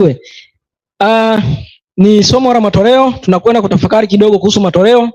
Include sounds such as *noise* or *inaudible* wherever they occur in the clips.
Uh, ni somo la matoleo. Tunakwenda kutafakari kidogo kuhusu matoleo,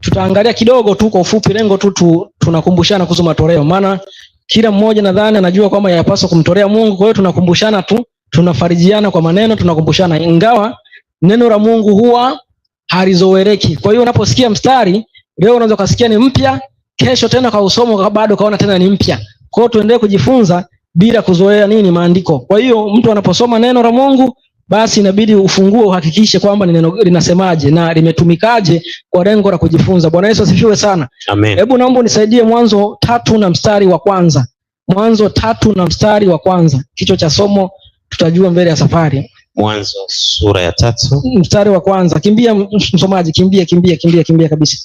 tutaangalia kidogo tu kwa ufupi, lengo tu, tu tunakumbushana kuhusu matoleo, maana kila mmoja nadhani anajua kwamba yapaswa kumtolea Mungu. Kwa hiyo tunakumbushana tu, tunafarijiana kwa maneno, tunakumbushana, ingawa neno la Mungu huwa halizoeleki. Kwa hiyo unaposikia mstari leo unaweza ukasikia ni mpya, kesho tena kwa usomo bado kaona tena ni mpya. Kwa hiyo tuendelee kujifunza bila kuzoea nini maandiko. Kwa hiyo mtu anaposoma neno la Mungu basi inabidi ufungue uhakikishe kwamba ni neno linasemaje na limetumikaje kwa lengo la kujifunza. Bwana Yesu asifiwe sana. Amen. Hebu naomba unisaidie Mwanzo tatu na mstari wa kwanza. Mwanzo tatu na mstari wa kwanza, kichwa cha somo tutajua mbele ya safari. Mwanzo sura ya tatu mstari wa kwanza. Kimbia msomaji, kimbia, kimbia, kimbia, kimbia kabisa,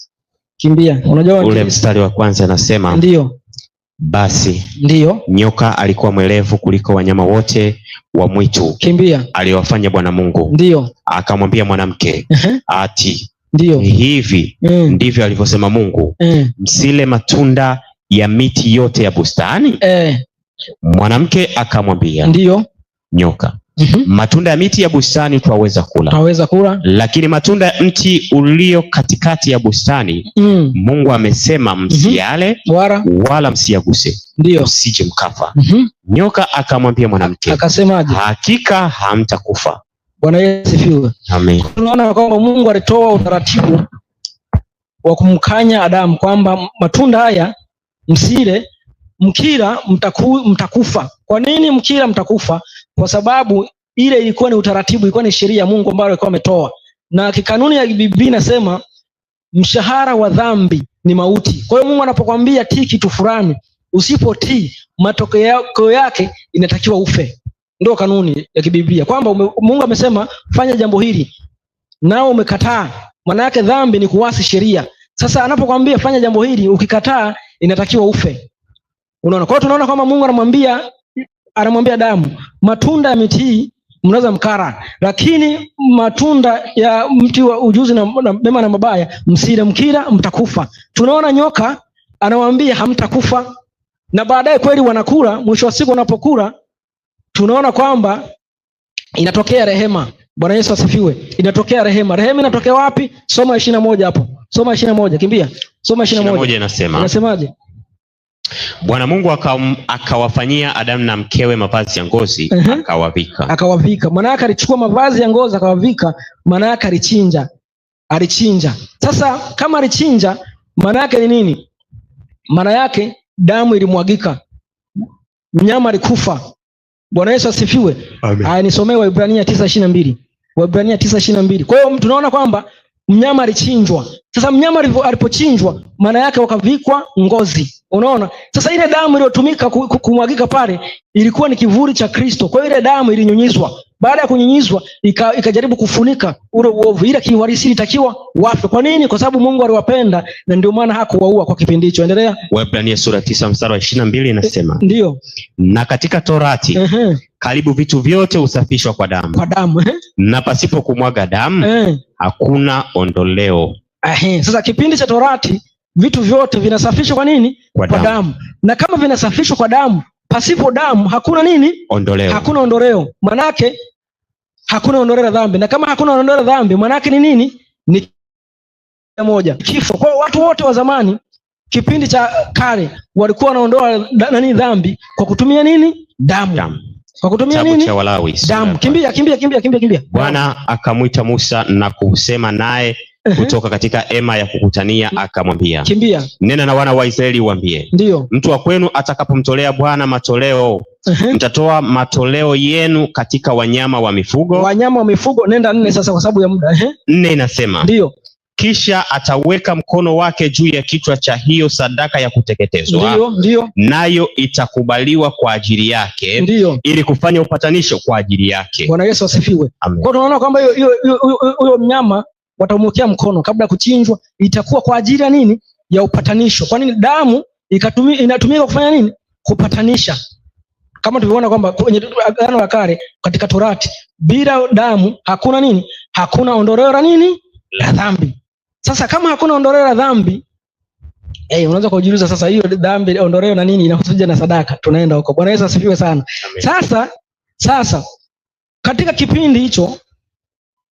kimbia. Unajua ule mstari wa kwanza anasema, ndio basi ndiyo, nyoka alikuwa mwerevu kuliko wanyama wote wa mwitu kimbia aliyowafanya Bwana Mungu. Ndiyo, akamwambia mwanamke ati ndiyo, hivi mm. ndivyo alivyosema Mungu mm. msile matunda ya miti yote ya bustani eh. Mwanamke akamwambia ndiyo, nyoka -hmm. matunda ya miti ya bustani twaweza kula, twaweza kula, lakini matunda ya mti ulio katikati ya bustani mm. Mungu amesema mhm. msiale, mm -hmm. wala msiaguse ndio Usije mkafa. mm -hmm. Nyoka akamwambia mwanamke, akasemaje? Hakika hamtakufa. Bwana Yesu asifiwe, amen. Tunaona kwamba Mungu alitoa utaratibu wa kumkanya Adamu kwamba matunda haya msile, mkila mtaku, mtakufa. Kwa nini mkila mtakufa? kwa sababu ile ilikuwa ni utaratibu, ilikuwa ni sheria ya Mungu ambayo alikuwa ametoa, na kikanuni ya Biblia inasema mshahara wa dhambi ni mauti. Kwa hiyo Mungu anapokwambia tii kitu fulani, usipotii matokeo yake inatakiwa ufe. Ndio kanuni ya kibiblia kwamba Mungu amesema fanya jambo hili nao umekataa, maana yake dhambi ni kuwasi sheria. Sasa anapokwambia fanya jambo hili ukikataa, inatakiwa ufe. Unaona, kwa hiyo tunaona kwamba Mungu anamwambia anamwambia Adamu, matunda ya miti hii mnaweza mkara, lakini matunda ya mti wa ujuzi na mema na mabaya msile, mkila mtakufa. Tunaona nyoka anawaambia hamtakufa, na baadaye kweli wanakula. Mwisho wa siku wanapokula, tunaona kwamba inatokea rehema. Bwana Yesu asifiwe, inatokea rehema. Rehema inatokea wapi? Soma ishirini na moja hapo, soma ishirini na moja kimbia, soma ishirini na moja inasemaje? Bwana Mungu akawafanyia aka Adamu na mkewe mavazi ya ngozi uh mhm. -huh. akawavika. Akawavika. Maana yake alichukua mavazi ya ngozi akawavika, maana yake alichinja. Alichinja. Sasa kama alichinja, maana yake ni nini? Maana yake damu ilimwagika. Mnyama alikufa. Bwana Yesu asifiwe. Amen. Aya, nisomee Waibrania 9:22. Waibrania 9:22. Kwa hiyo tunaona kwamba mnyama alichinjwa. Sasa mnyama alipochinjwa, maana yake wakavikwa ngozi. Unaona, sasa ile damu iliyotumika kumwagika pale ilikuwa ni kivuli cha Kristo. Kwa hiyo ile damu ilinyunyizwa, baada ya kunyunyizwa ikajaribu kufunika ule uovu, ila kiuhalisia ilitakiwa wafe. Kwa nini? Kwa sababu Mungu aliwapenda na ndio maana hakuwaua kwa kipindi hicho. Endelea. Waebrania sura tisa mstari wa ishirini na mbili inasema e, ndiyo na katika Torati uh -huh karibu vitu vyote husafishwa kwa damu, kwa damu eh? na pasipo kumwaga damu eh, hakuna ondoleo eh. eh. Sasa kipindi cha Torati vitu vyote vinasafishwa kwa nini? Kwa, kwa damu. Na kama vinasafishwa kwa damu, pasipo damu hakuna nini? Ondoleo. Hakuna ondoleo, manake hakuna ondoleo la dhambi, na kama hakuna ondoleo la dhambi manake ni nini? Ni moja kifo. Kwa watu wote wa zamani kipindi cha kale walikuwa wanaondoa nani dhambi kwa kutumia nini? Damu, damu. Kwa kutumia nini? Cha Walawi. Damu. Kimbia, kimbia, kimbia, kimbia, kimbia. Bwana akamwita Musa na kusema naye kutoka katika hema ya kukutania akamwambia, kimbia, nena na wana wa Israeli uambie, ndio mtu wa kwenu atakapomtolea Bwana matoleo mtatoa matoleo yenu katika wanyama wa mifugo, wanyama wa mifugo. Nenda nne sasa, kwa sababu ya muda. Nne inasema ndio kisha ataweka mkono wake juu ya kichwa cha hiyo sadaka ya kuteketezwa, ndiyo, ndiyo. nayo itakubaliwa kwa ajili yake, ndiyo. ili kufanya upatanisho kwa ajili yake. Bwana Yesu asifiwe. Kwa tunaona kwamba huyo mnyama watamwekea mkono kabla ya kuchinjwa, itakuwa kwa ajili ya nini? Ya upatanisho. Kwa nini damu inatumika kufanya nini? Kupatanisha, kama tulivyoona kwamba kwenye Agano la Kale katika Torati, bila damu hakuna nini? Hakuna ondoleo la nini la dhambi. Sasa kama hakuna ondoleo la dhambi eh, unaweza kujiuliza sasa, hiyo dhambi ondoleo na nini inahusuja na sadaka? Tunaenda huko. Bwana Yesu asifiwe sana. Amen. Sasa sasa katika kipindi hicho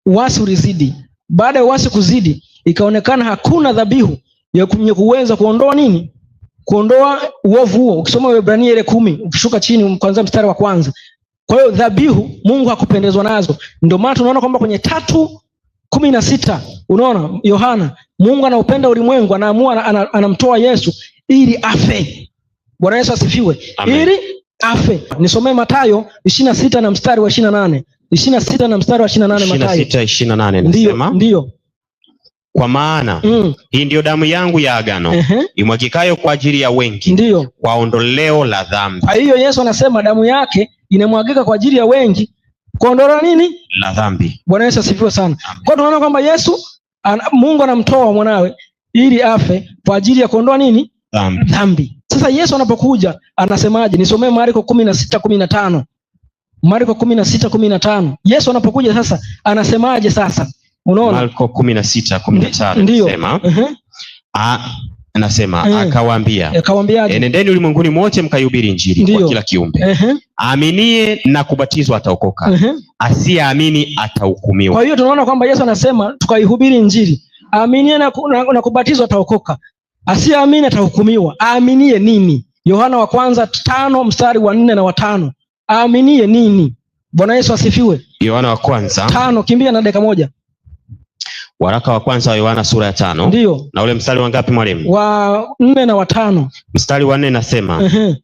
uasi ulizidi. Baada ya uasi kuzidi, ikaonekana hakuna dhabihu ya kunye kuweza kuondoa nini, kuondoa uovu huo. Ukisoma Waebrania ile kumi ukishuka chini kuanzia mstari wa kwanza. Kwa hiyo dhabihu Mungu hakupendezwa nazo, ndio maana tunaona kwamba kwenye tatu kumi na sita unaona yohana mungu anaupenda ulimwengu anaamua anamtoa yesu ili afe bwana yesu asifiwe ili afe nisomee matayo ishirina sita na mstari wa ishirina nane ishirina sita na mstari wa ishirina nane matayo ishirina nane nasema ndiyo kwa maana mm. hii ndiyo damu yangu ya agano uh-huh. imwagikayo kwa ajili ya wengi ndiyo kwa ondoleo la dhambi kwa hiyo yesu anasema damu yake inamwagika kwa ajili ya wengi kuondolewa nini la dhambi. Bwana Yesu asifiwe sana. Kwa tunaona kwamba Yesu an, Mungu anamtoa mwanawe ili afe kwa ajili ya kuondoa nini dhambi. Dhambi. Sasa Yesu anapokuja anasemaje? Nisomee Marko kumi na sita kumi na tano Marko kumi na sita kumi na tano Yesu anapokuja sasa anasemaje? Sasa unaona Marko kumi na sita kumi na tano ndiyo sema uh -huh anasema e, akawaambia e, nendeni ulimwenguni mwote mkaihubiri Injili kwa kila kiumbe e, aaminie na kubatizwa ataokoka e, asiyeamini atahukumiwa. Kwa hiyo tunaona kwamba Yesu anasema tukaihubiri Injili, aaminie na, na, na kubatizwa ataokoka, asiyeamini atahukumiwa. Aaminie nini? Yohana wa kwanza tano mstari wa nne na watano. Aaminie nini? Bwana Yesu asifiwe. Yohana wa kwanza tano, kimbia na dakika moja Waraka wa kwanza wa Yohana sura ya tano ndio na ule mstari wa ngapi mwalimu? Wa nne na watano. Mstari wa nne nasema uh -huh.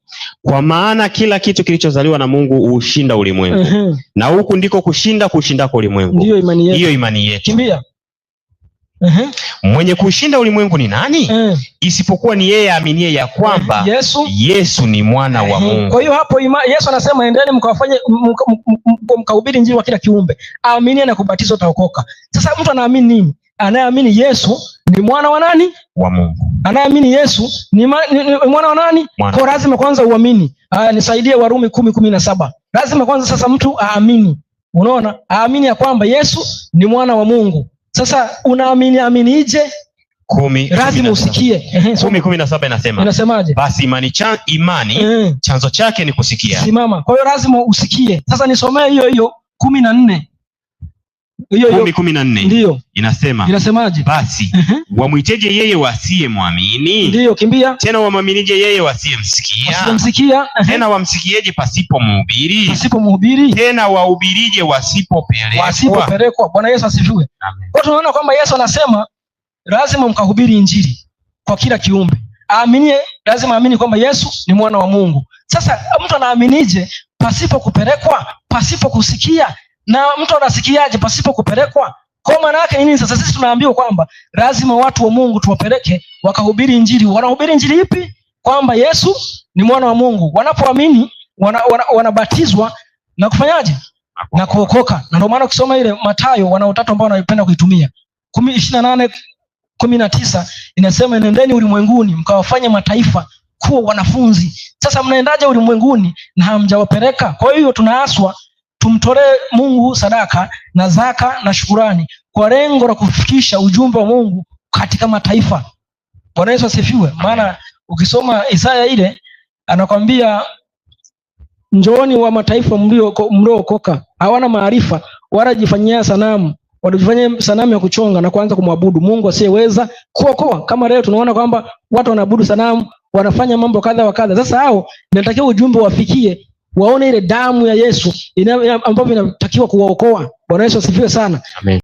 Kwa maana kila kitu kilichozaliwa na Mungu huushinda ulimwengu uh -huh. Na huku ndiko kushinda kuushindako ulimwengu, imani yetu. Hiyo imani yetu. Kimbia. -hmm. Mwenye kushinda ulimwengu ni nani? Mm. Isipokuwa ni yeye aaminie ya kwamba Yesu, Yesu ni mwana wa mm-hmm. Mungu. Kwa hiyo hapo ima, Yesu anasema endeni mkawafanye mkahubiri injili kwa kila kiumbe, aaminie na kubatizwa utaokoka. Sasa mtu anaamini nini? Anayeamini Yesu ni mwana wa nani? Wa Mungu. Anayeamini Yesu ni, ma, ni, ni mwana wa nani? Mwana. Kwa lazima kwanza uamini. Aa, nisaidie Warumi kumi kumi na saba. Lazima kwanza sasa mtu aamini, unaona, aamini ya kwamba Yesu ni mwana wa Mungu sasa unaamini aminije? Kumi, lazima usikie. Kumi kumi na saba inasema inasemaje? Basi imani, imani chanzo chake ni kusikia. Simama. Kwa hiyo lazima usikie. Sasa nisomee hiyo hiyo kumi na nne kumi kumi na nne inasema inasemaje? Basi *laughs* wamwiteje yeye wasiyemwamini? Ndio kimbia tena, wamwaminije yeye wasiyemsikia? Wasiyemsikia tena, wamsikieje pasipo mhubiri? Pasipo mhubiri tena, wahubirije wasipopelekwa? Wasipopelekwa. Bwana Yesu asifiwe. Kwa tunaona kwamba Yesu anasema lazima mkahubiri injili kwa kila kiumbe, aaminie lazima aamini kwamba Yesu ni mwana wa Mungu. Sasa mtu anaaminije pasipo kupelekwa, pasipo kusikia? na mtu anasikiaje pasipo kupelekwa? Kwa maana yake nini? Sasa sisi tunaambiwa kwamba lazima watu wa Mungu tuwapeleke wakahubiri Injili. Wanahubiri Injili ipi? Kwamba Yesu ni mwana wa Mungu. Wanapoamini wanabatizwa wana, wana na kufanyaje na kuokoka. Na ndio maana ukisoma ile Mathayo wana utatu ambao wanapenda kuitumia kumi 19 inasema nendeni ulimwenguni mkawafanye mataifa kuwa wanafunzi. Sasa mnaendaje ulimwenguni na hamjawapeleka? Kwa hiyo tunaaswa tumtolee Mungu sadaka na zaka na shukurani kwa lengo la kufikisha ujumbe wa Mungu katika mataifa. Bwana Yesu asifiwe. Maana ukisoma Isaya ile anakwambia njooni wa mataifa mliookoka, hawana maarifa wala jifanyia sanamu, walijifanyia sanamu ya kuchonga na kuanza kumwabudu Mungu asiyeweza kuokoa. Kama leo tunaona kwamba watu wanaabudu sanamu, wanafanya mambo kadha wa kadha. Sasa hao inatakiwa ujumbe wafikie waone ile damu ya Yesu ambavyo inatakiwa kuwaokoa. Bwana Yesu asifiwe sana Amen.